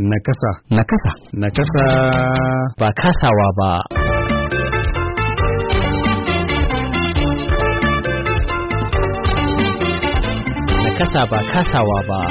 Nakasa. Nakasa. Nakasa. Ba kasawa ba. Nakasa ba kasawa ba.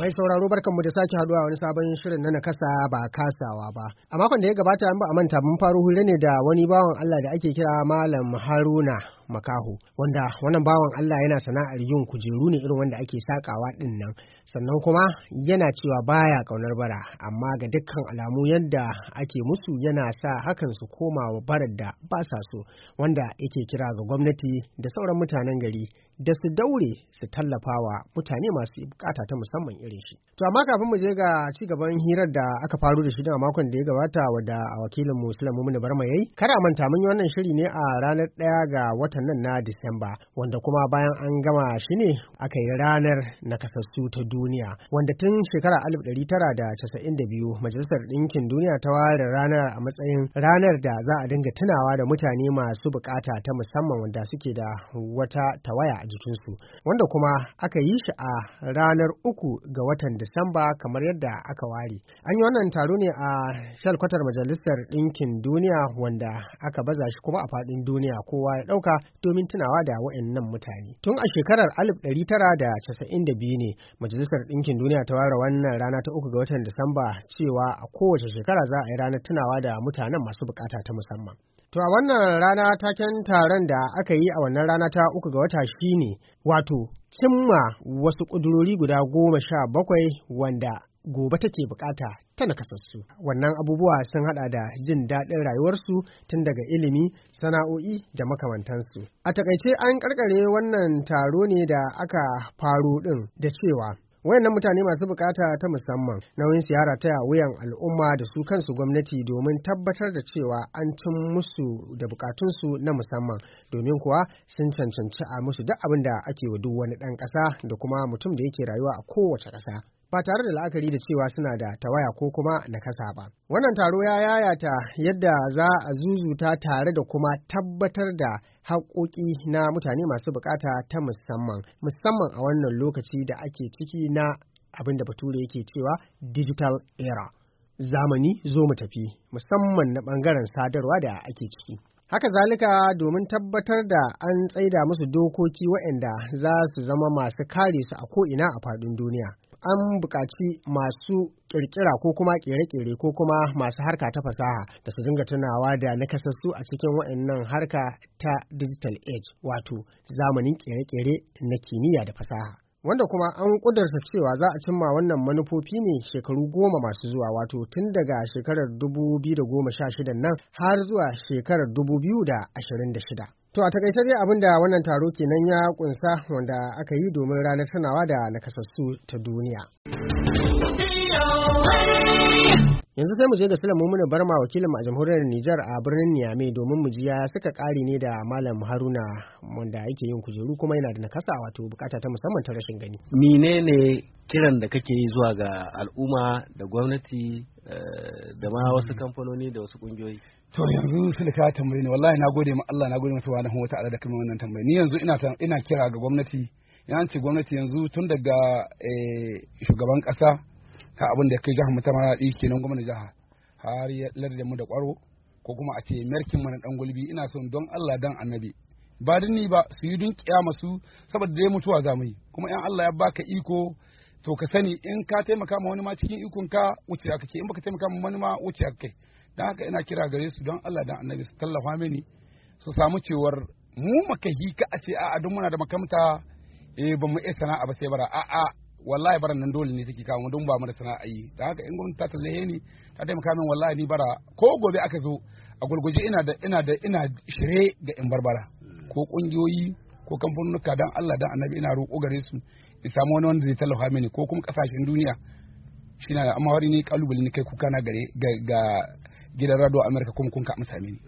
Mai sauraro barkanmu da sake haduwa wani sabon shirin na nakasa ba kasawa ba. A makon da ya gabata an ba a manta mun faro hure ne da wani bawan Allah da ake kira Malam Haruna makaho wanda wannan bawan Allah yana sana'ar yin kujeru ne irin wanda ake sakawa din nan sannan kuma yana cewa baya kaunar bara amma ga dukkan alamu yadda ake musu yana sa hakan su koma wa barar da ba sa so wanda yake kira ga gwamnati da sauran mutanen gari da su daure su tallafa wa mutane masu bukata ta musamman irin shi. To amma kafin mu je ga ci gaban hirar da aka faru da shi a makon da ya gabata wadda a wakilin Musulun Mumuni Barma yayi, kada manta mun yi wannan shiri ne a ranar ɗaya ga wata. watan nan na Disamba wanda kuma bayan an gama shi ne aka yi ranar nakasassu ta duniya wanda tun shekara 1992 Majalisar Ɗinkin Duniya ta ware ranar a matsayin ranar da za a dinga tunawa da mutane masu bukata ta musamman wanda suke da wata tawaya a jikinsu wanda kuma aka yi shi a ranar uku ga watan Disamba kamar yadda aka ware. An yi wannan taro ne a shalkwatar Majalisar Ɗinkin Duniya wanda aka baza shi kuma a faɗin duniya kowa ya ɗauka domin tunawa da waɗannan mutane. Tun a shekarar 1992 ne Majalisar Ɗinkin Duniya ta ware wannan rana ta uku ga watan Disamba cewa a kowace shekara za a yi ranar tunawa da mutanen masu bukata ta musamman. To a wannan rana taken taron da aka yi a wannan rana ta uku ga wata shine wato cimma wasu ƙudurori guda goma sha bakwai wanda gobe take bukata ta nakasassu. Wannan abubuwa sun hada da jin daɗin rayuwarsu tun daga ilimi, sana'o'i da makamantansu. A takaice an karkare wannan taro ne da aka faro ɗin da cewa wayannan mutane masu bukata ta musamman nauyin siyara taya wuyan al'umma da su kansu gwamnati domin tabbatar da cewa an cin musu da bukatunsu na musamman domin kuwa sun cancanci a musu duk abin da ake wa duk wani ɗan ƙasa da kuma mutum da yake rayuwa a kowace kasa ba tare da la'akari da cewa suna da tawaya ko kuma nakasa ba. Wannan taro ya yayata yadda za a zuzuta tare da kuma tabbatar da haƙoƙi na mutane masu bukata ta musamman musamman a wannan lokaci da ake ciki na abin da bature yake cewa digital era zamani zo mu tafi musamman na ɓangaren sadarwa da ake ciki haka zalika domin tabbatar da an tsaida musu dokoki waɗanda za su zama masu kare su a ko'ina a faɗin duniya an buƙaci masu ƙirƙira ko kuma ƙere-ƙere ko kuma masu harka ta fasaha da su dinga tunawa da nakasassu a cikin waɗannan harka ta digital age wato zamanin ƙere-ƙere na kimiyya da fasaha. wanda kuma an ƙudurta cewa za a cimma wannan manufofi ne shekaru goma masu zuwa wato tun daga shekarar 2016 nan har zuwa shekarar 2026. To a takaice dai abin da wannan taro kenan ya kunsa wanda aka yi domin ranar tunawa da nakasassu ta duniya. Yanzu sai mu je ga Sula Mumunu Barma wakilin a jamhuriyar Nijar a birnin Niamey domin mu ji ya suka kare ne da Malam Haruna wanda yake yin kujeru kuma yana da nakasa wato bukata ta musamman ta rashin gani. Menene kiran da kake yi zuwa ga al'umma da gwamnati Eh, da ma wasu kamfanoni da wasu kungiyoyi to yanzu sun ka tambayi ni wallahi na gode ma Allah na gode masa subhanahu wata ta'ala da kuma wannan tambayi ni yanzu ina ina kira ga gwamnati Ina ce gwamnati yanzu tun daga eh, shugaban kasa ka abin da kai jihar mutama na ɗi kenan gwamnati jihar har ya lardin mu da kwaro ko kuma a ce merkin mana dan gulbi ina son don Allah dan annabi ba dinni ba su yi dun kiyama su saboda dai mutuwa za mu yi kuma yan Allah ya baka iko to ka sani in ka taimaka ma wani ma cikin ikon ka wuce aka ke in baka taimaka ma wani ma wuce aka kai dan haka ina kira gare su don Allah dan annabi su tallafa mini su samu cewar mu makahi ka a ce a'a don muna da makamta eh ba mu iya sana'a ba sai bara a'a wallahi bara nan dole ne take kawo don ba mu da sana'a yi da haka in gwamnati ta tallafe ni ta taimaka min wallahi ni bara ko gobe aka zo a gurguje ina da ina da ina shire ga in barbara ko kungiyoyi ko kamfanunuka dan Allah dan Annabi ina roƙo gare su in samu wani wanda zai tallafa mini ko kuma kasashen duniya shi na amma wani ne kalubale ne kai kuka na gare ga gidan radio america kuma kun ka amsa mini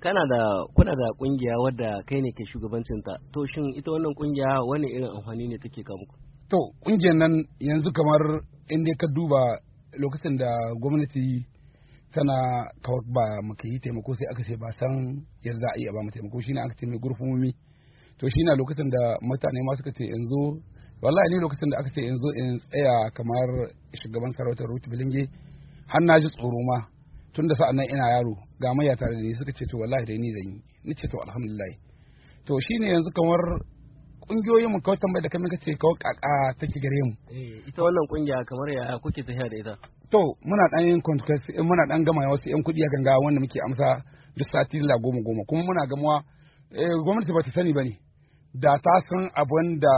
kana da kuna da kungiya wadda kai ne ke shugabancin ta to shin ita wannan kungiya wani irin amfani ne take ka muku to kungiyar nan yanzu kamar in ka duba lokacin da gwamnati tana kawar ba maka yi taimako sai aka ce ba san yadda za a a ba mu taimako shine aka ce mai gurfumomi to shine lokacin da mutane ma suka ce yanzu wallahi ni lokacin da aka ce in zo in tsaya kamar shugaban sarautar Ruth Bilinge har na ji tsoro ma tun da sa'an nan ina yaro ga maya tare da ni suka ce to wallahi dai ni zan yi ni ce to alhamdulillah to shine yanzu kamar kungiyoyin mu kawai tambayar da muka ce kawai kaka take gare mu eh, ita wannan kungiya kamar ya kuke tafiya da ita to muna dan yin in eh, muna dan gama wasu yan kudi a ganga wanda muke amsa duk sati la goma goma kuma muna gamuwa eh, gwamnati ba ta sani bane da ta san abin da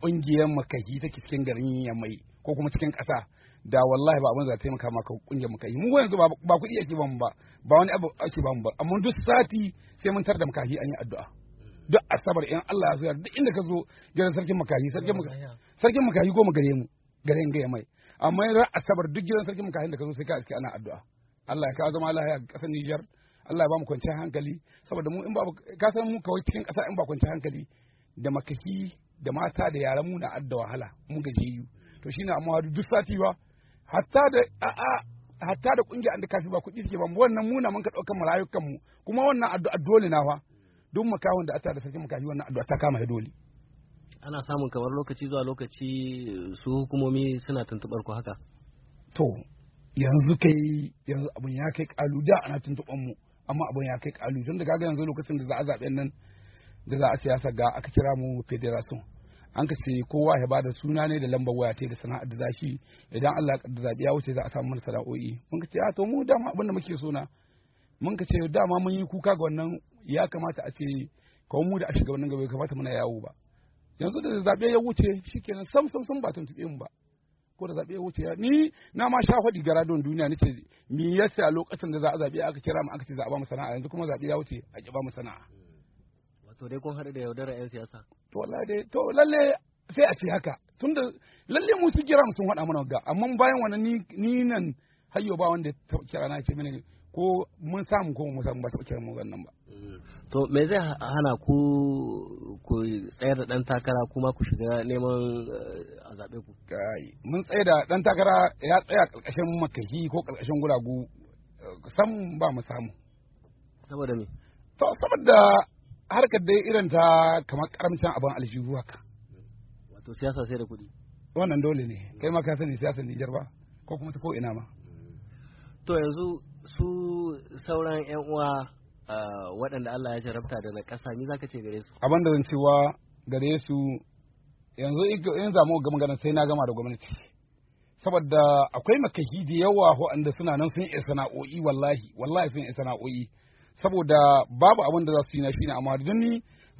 kungiyar makahi take cikin garin yamai ko kuma cikin ƙasa da wallahi ba abin za ta taimaka maka kungiyar makahi mu yanzu ba kuɗi ake ba mu ba ba wani abu ake ba mu ba amma duk sati sai mun tarda da makahi an yi addu'a duk asabar in Allah ya zuwa duk inda ka zo gidan sarkin makahi sarkin makahi sarkin makahi goma gare mu gare ga mai amma ran asabar duk gidan sarkin makahi da ka zo sai ka iske ana addu'a Allah ya kawo zama lahiya ga ƙasar Niger Allah ya ba mu kwanciyar hankali saboda mu in ba ka san mu kawai cikin ƙasa in ba kwanciyar hankali da makahi da mata da yaran mu na adda wahala mu gajiyu to shine amma duk sati ba hatta da a'a hatta da kungiya an da kafi ba kuɗi suke ba wannan muna mun ka ɗaukar malayukan mu kuma wannan addu'a dole na fa duk makawon da ata da sarki makafi wannan addu'a ta kama dole ana samun kamar lokaci zuwa lokaci su hukumomi suna tuntubar ku haka to yanzu kai yanzu abun ya kai kalu da ana tuntuban mu amma abun ya kai kalu tun da kaga yanzu lokacin da za a zaɓen nan da za a siyasa ga aka kira mu federation an ka ce kowa ya bada suna ne da lambar waya ta da sana'ar da zashi idan Allah ya zabi ya wuce za a samu mana sana'o'i mun ka ce a ah, to mu dama abin da muke sona mun ka ce dama mun yi kuka ga wannan ya kamata a ce kawai mu da a shiga wannan gaba kamata muna yawo ba yanzu da zabe ya wuce shikenan sam sam sam ba tube mu ba ko da zabe ya wuce ni na ma sha faɗi gara don duniya nace me yasa lokacin da za a zabe aka kira mu aka ce za a ba mu sana'a yanzu kuma zabe ya wuce a ki ba mu sana'a to dai kun haɗu da yaudara 'yan siyasa to wallahi dai to lalle sai a ce haka tunda lalle mu su kira sun haɗa mana ga amma bayan wani ni nan hayyo ba wanda ta kira na ce mini ko mun samu ko mun samu ba ta kira mu wannan ba mm. to me zai hana ku ku tsayar da dan takara kuma ku shiga neman eh, a zabe ku kai mun tsaya da dan takara ya tsaya karkashin makaji ko karkashin gulagu eh, sam ba mu samu saboda me to saboda harkar dai irin ta kamar karamcin abin aljihu haka wato siyasa sai da kuɗi wannan dole ne mm. kai ma ka sani siyasar Nijar ba ko kuma ta ko'ina ma mm. to yanzu su sauran yan uwa ah, waɗanda Allah ya jarabta da na ƙasa ni zaka ce gare su abin da zan cewa gare su yanzu in zamu ga ganin sai na gama da gwamnati saboda akwai makahi da yawa waɗanda suna nan sun yi sana'o'i wallahi wallahi sun yi sana'o'i saboda babu abin da za su yi na shi ne amma don ni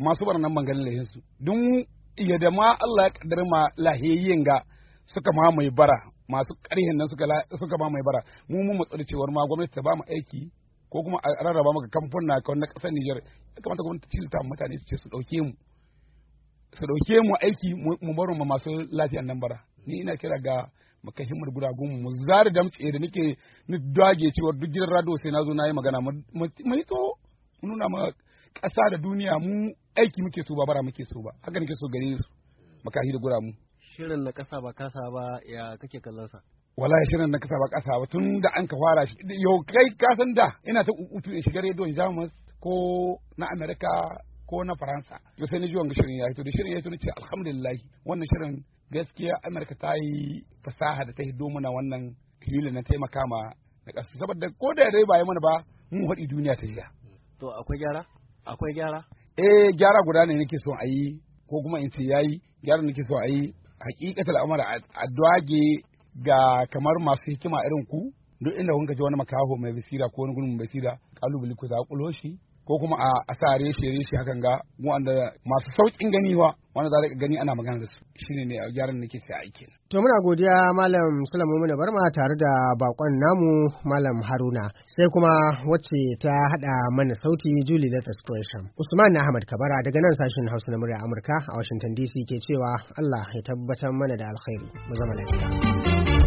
masu barnan ban ganin su don iya da ma Allah ya kaddar ma lahiyayyen ga suka ma mai bara masu ƙarhin nan suka suka ma mai bara mu mu matsar cewar ma gwamnati ta ba mu aiki ko kuma a rarraba maka kamfuna ka na ƙasar Nijar ya kamata gwamnati ta cilta mutane su ce su ɗauke mu su ɗauke mu aiki mu bar mu masu lafiyan nan bara ni ina kira ga mu kai himmar guragun mu zare damtse da nake ni dage cewa duk gidan radio sai na zo na yi magana mu yi to nuna ma ƙasa da duniya mu aiki muke so ba bara muke so ba haka nake so gare su makahi da mu shirin na ƙasa ba kasa ba ya kake kallon sa wallahi shirin na kasa ba kasa ba tun da an ka fara shi yau kai ka san da ina ta kukutu in shiga rediyon jamus ko na amerika ko na faransa to sai ni ji wanga shirin ya to da shirin ya hito ni ce alhamdulillah wannan shirin gaskiya amurka ta yi fasaha da ta hido mana wannan hilin na taimaka ma na kasu saboda ko da dai ba mana ba mun haɗi duniya ta jiya to akwai gyara akwai gyara eh gyara guda ne nake son a yi ko kuma in ce yayi gyara nake so a yi hakikatar amara a dwage ga kamar masu hikima irin ku duk inda kun ji wani makaho mai basira ko wani gurbin basira kalubale ku za ku shi ko kuma a sa reshe reshe hakan ga wanda masu saukin ganiwa wanda za ka gani ana magana da su shine ne a gyaran da nake sai aiki to muna godiya malam Sulaiman bar Barma tare da bakon namu malam Haruna sai kuma wacce ta hada mana sauti Juli Lathas Gresham Usman Ahmad Kabara daga nan sashen Hausa na murya Amurka a Washington DC ke cewa Allah ya tabbatar mana da alkhairi mu zama lafiya